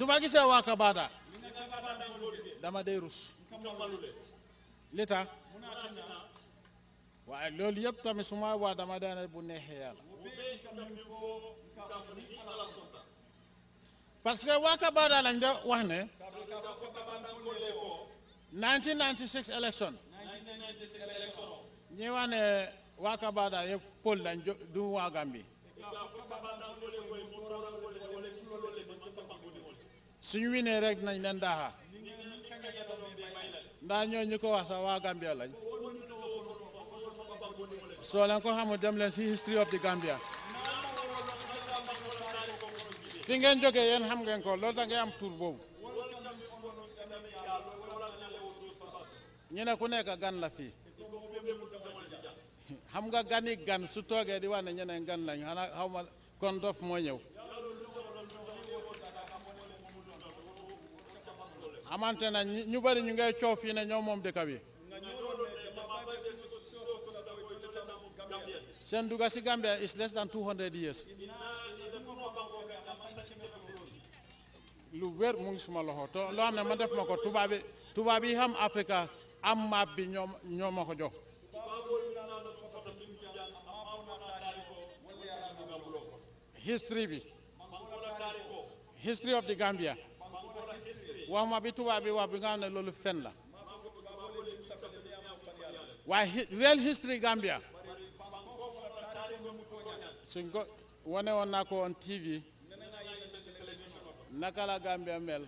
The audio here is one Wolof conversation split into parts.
su ma gisee waa Kabada dama day rus li tax waaye loolu yëpp tamit su ma dama dee bu neexee yàlla parce que waa Kabada lañ de wax ne 1996 election ñi wax ne waa Kabada yëpp Pël lañ du waa Gambie suñu winee rek nañ leen daaxa ndax ñoo ñu ko wax sax waa lañ soo ko xamul dem leen si history of the Gambia fi ngeen jógee yéen xam ngeen ko loolu da am tur boobu ñu ne ku nekk gan la fii xam nga gani gan su toogee di wax ñeneen gan lañ xanaa xaw ma kon dof moo ñëw amante na ñu bari ñu ngay coow fii ne ñoom moom dëkk bi seen duga si Gambia is less than 200 years lu wér mu ngi suma loxo te loo xam ne ma def ma ko tubaab bi tubaab yi xam Africa am map bi ñoom ñoo ma ko jox history bi history of the Gambia wax ma tubaab bi wax bi nga xam ne loolu fen la waaye real history Gambia ko wane woon naa ko woon TV naka la Gambia mel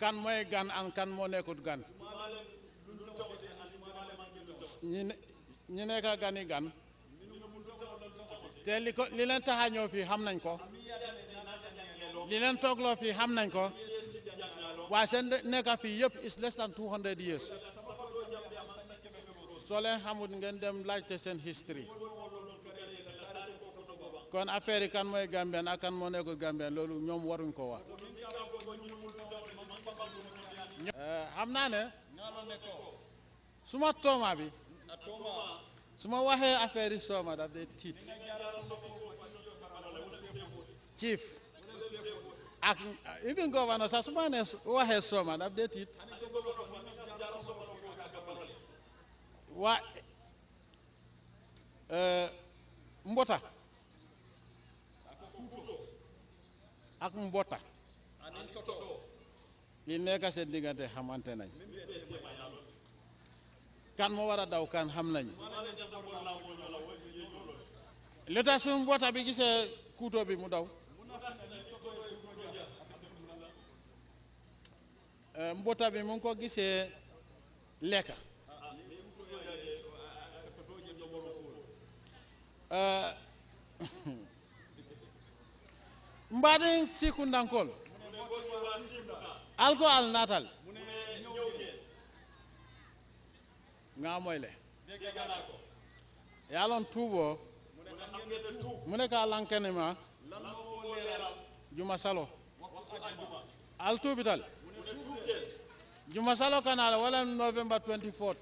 kan mooy gan an kan moo nekkut gan ñi nekka gani gan te li ko li fii xam nañ ko li leen toogloo xam nañ ko waashen nekka fii yëpp is less than 200 years soo ngeen dem laajte seen history kon affaire yi kan mooy Gambien ak kan moo nekk Gambien loolu ñoom waruñ ko wax eh, xam naa ne suma tooma bi su ma waxee affaire yi sooma daf dee tiit chief Even governors as governor as suma has some and update it waa uh, mbota ak mbota li nekk seen diggante xamante nañ kan moo war a daw kan xam nañ li tax suñu mbota bi gisee kuuto bi mu Euh, mboota bi mu ngi ko gisee lekka euh, mbaɗen sikundankol alko al natal ngamoyle yalon tuubo mune ka lankene ma juma salo al tuubital jumasalo kanala wala november 24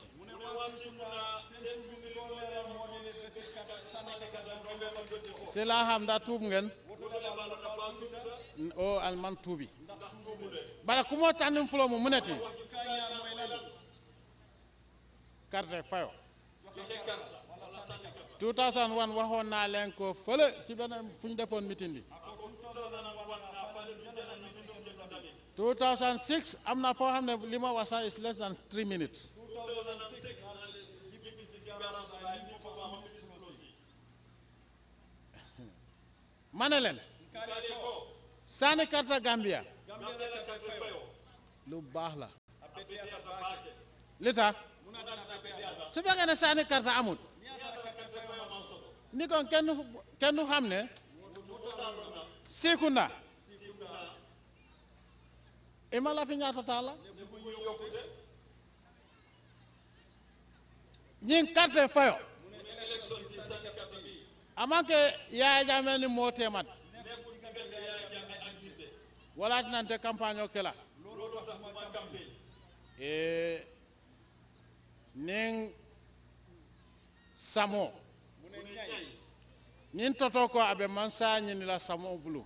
sila hamda tuub ngeen o oh, alman tuubi bara kumo tannin fulo muneti carte fayo 2001 naa leen fële si benn defoon meeting 2006 i am not foo xam ne li ma is less than three minutes. ma ne leen. sànni karta Gambia. Lubahla. Lita. la. li tax su fekkee ne karta amut. ni kon kenn kenn xam ne. Seekunda. ima la fi ñaata taala ñin carte fayo amanke yaya jame ni mo temat wala tinante campagne o kela e eh, nin samo nin toto ko aɓe mansa ñinila samo bulu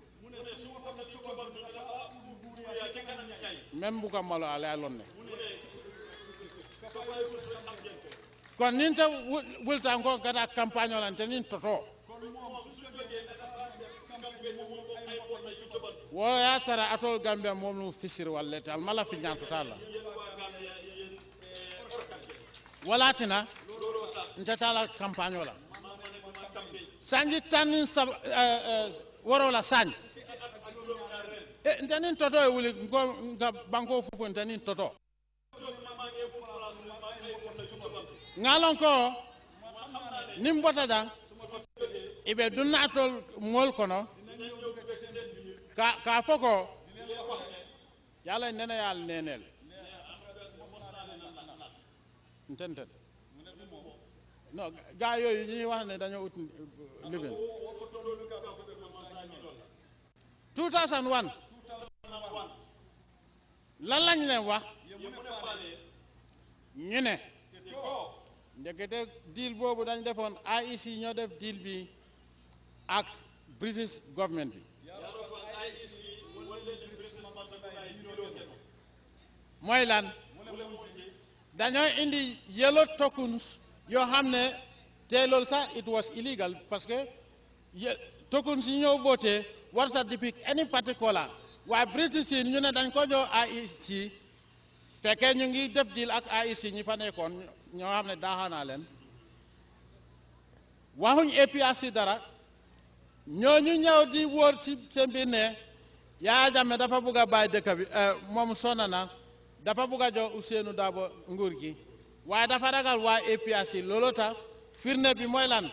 membukammalo ala lonne kono nin ta wulta ngo gada campagne olante nin toto woya tara atol gambe mom num fisir wallete almala fi ñantota la walatina ntata la campagne ola sanji tannin sa eh, eh, worola sagne e eh, ntanin toto e wuli ko nka banko fofo ntanin toto ŋalon ko nin bota dan i be dunnatol mool kono ka, ka fo ko yala nene ye al nenel ntenten no ga yoyu ñi wax ne dañoo ut euh, libin 2001 lan lañ leen wax ñu ne ndekete deal boobu dañ defoon IEC ñoo def deal bi ak British government bi mooy lan dañoo indi yellow tokens yoo xam ne te loolu sax it was illegal parce que tokens yi ñoo voté warta depict any particular waaye British yi ñu ne dañ ko jox AIC fekkee ñu ngi def deal ak AIC ñi fa nekkoon ñoo xam ne daaxaanaa leen waxuñ APRC dara ñoo ñooñu ñëw di woor si seen biir ne dafa bugg a bàyyi euh, moom sonna na dafa bugg a jox Ousseynou Dabo nguur gi waaye dafa ragal waa APRC looloo tax firnde bi mooy lan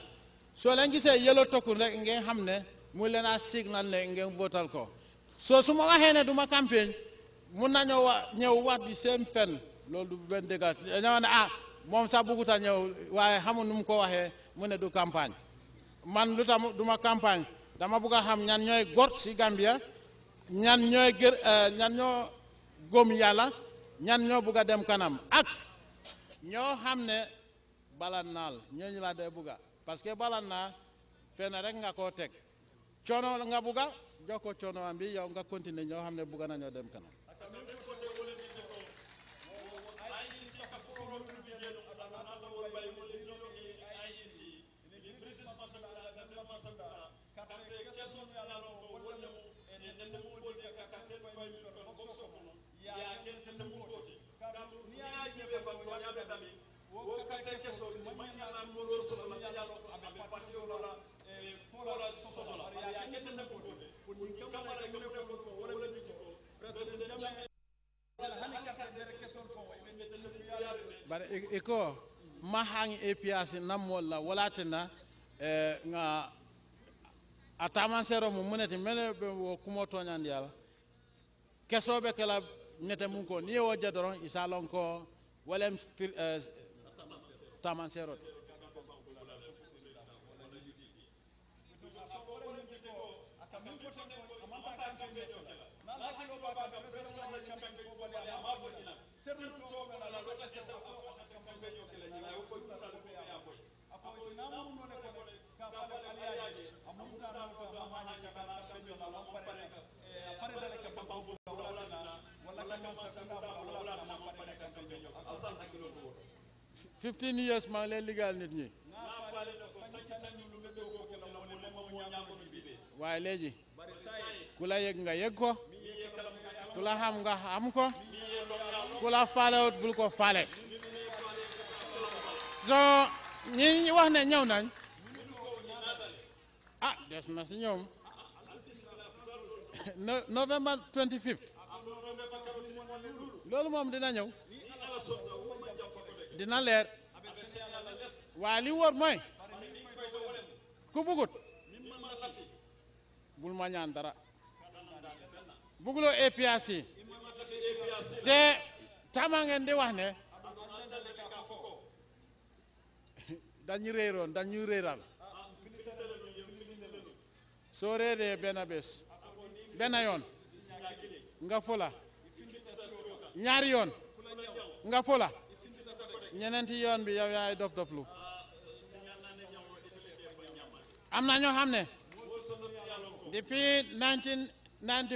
soo leen gisee yëloo tokku rek ngeen xam ne mu leen a signal ne ngee bootal ko soo su ma waxee ne du ma campagne mun nañoo wa ñëw wax di seen fen loolu du benn dëgg dañoo ne ah moom sax bëggut a ñëw waaye xamul nu mu ko waxee mu du campagne man lu du ma campagne dama bëgg a xam ñan ñooy gor si Gambia ñan ñooy gër eh, ñoo góom yàlla ñan ñoo bëgg a dem kanam ak ñoo xam ne bala naal ñooñu laa dee bëgg parce que bala naa fenn rek nga ko teg. cono nga buga joko cono am bi yow nga continuer ñoo xam ne buga nañoo dem kanam wo kate keso ni manya na mo do so na ya lo abe patio la kamara gamne fo ko wala lebi ko president jamma bara iko ma hangi APS nam wala walatena eh, nga ataman sero mu muneti mele be wo kumo toñandi ala kesoɓe kala nete mum ko ni wo jadoron isa lon ko walem uh, eh, taman amanta campagne o kela nan hano baba ga president la sa ko campagne o kela dina ko ta na mo pare ko wala na wala ka 15 years maa ngi leen ku la yëg nga yëg ko ku la xam nga xam ko ku la faalewut bul ko faale so ñi wax ne ñëw nañ ah des na si ñoom novembre 25 moom dina ñëw dina leer waaye li wóor mooy ku bugut bul ma dara bugguloo APRC te tama ngeen di wax ne réeral soo réeree benn bés benn yoon nga fola ñaari yoon nga fola ñeneenti yoon bi yow yaay dof doflu am na ñoo xam Depuis 1990,